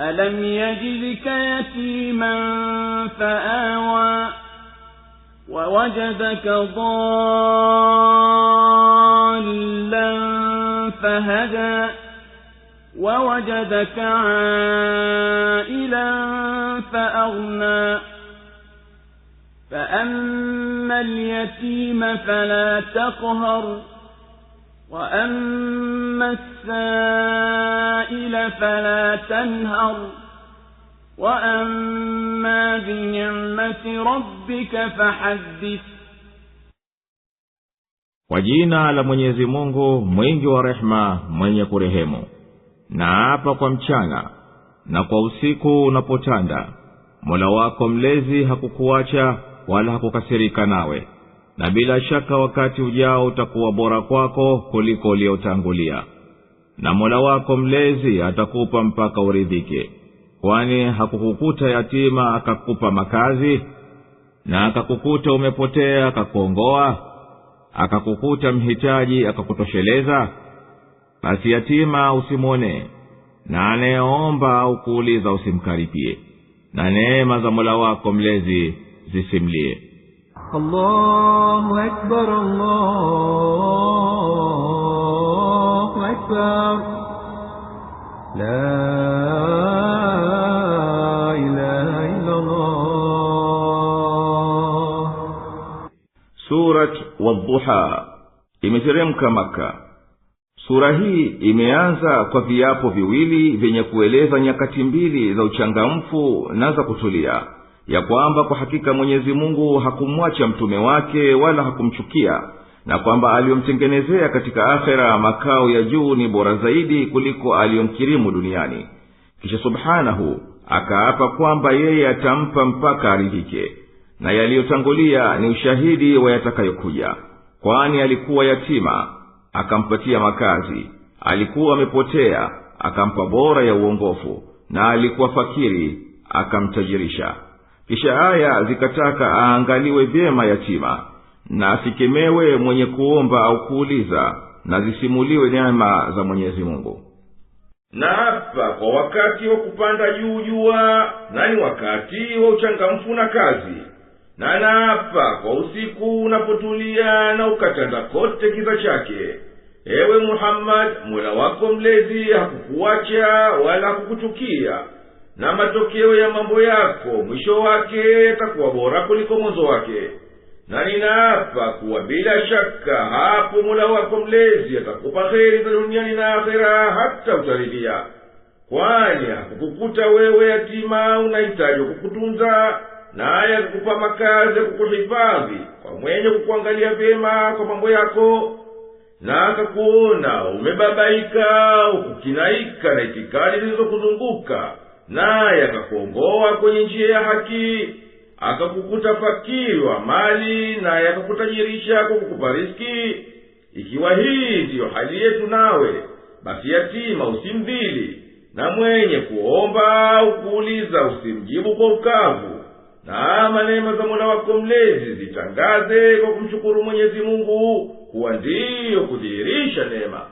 ألم يجدك يتيما فآوى ووجدك ضالا فهدى ووجدك عائلا فأغنى فأما اليتيم فلا تقهر وأما السائل فلا تنهر وأما بنعمة ربك فحدث kwa jina la mwenyezi mungu mwingi wa rehema mwenye kurehemu na apa kwa mchana na kwa usiku unapotanda mola wako mlezi hakukuacha wala hakukasirika nawe na bila shaka wakati ujao utakuwa bora kwako kuliko uliotangulia na mola wako mlezi atakupa mpaka uridhike kwani hakukukuta yatima akakupa makazi na akakukuta umepotea akakuongoa akakukuta mhitaji akakutosheleza basi yatima usimwone na anayeomba au kuuliza usimkaripie na neema za mola wako mlezi zisimlie الله أكبر الله أكبر لا إله إلا الله سورة والضحى imeteremka maka sura hii imeanza kwa viapo viwili vyenye kueleza nyakati mbili za uchangamfu na za kutulia ya kwamba kwa hakika mwenyezi mungu hakumwacha mtume wake wala hakumchukia na kwamba aliyomtengenezea katika akhera makao ya juu ni bora zaidi kuliko aliyomkirimu duniani kisha subhanahu akaapa kwamba yeye atampa mpaka aridhike na yaliyotangulia ni ushahidi wa yatakayokuja kwani alikuwa yatima akampatia makazi alikuwa amepotea akampa bora ya uongofu na alikuwa fakiri akamtajirisha kisha aya zikataka aangaliwe vyema yatima na asikemewe mwenye kuomba au kuuliza na zisimuliwe neema za mwenyezi mungu na hapa kwa wakati wa kupanda juu jua na ni wakati wa uchangamfu na kazi na na hapa kwa usiku unapotulia na ukatanda kote kiza chake ewe muhammadi mwela wako mlezi hakukuwacha wala hakukutukia na matokeo ya mambo yako mwisho wake takuwa bora kuliko mwanzo wake na ninaapa kuwa bila shaka hapo mula wako mlezi atakupa heri za duniani na akhera hata utaridhia kwani hakukukuta wewe yatima unahitaji kukutunza naye akukupa makazi ya kukuhifadhi kwa mwenye kukuangalia vyema kwa mambo yako na akakuona umebabaika ukukinaika na itikadi zilizokuzunguka naye akakuongoa kwenye njia ya haki akakukuta fakiri wa mali naye akakutajirisha kwa kukupa riski ikiwa hii ndiyo hali yetu nawe basi yatima usimdhili na mwenye kuomba ukuuliza usimjibu kwa ukavu na manema za mola wako mlezi zitangaze kwa kumshukuru mwenyezi mungu kuwa ndiyo kudhihirisha neema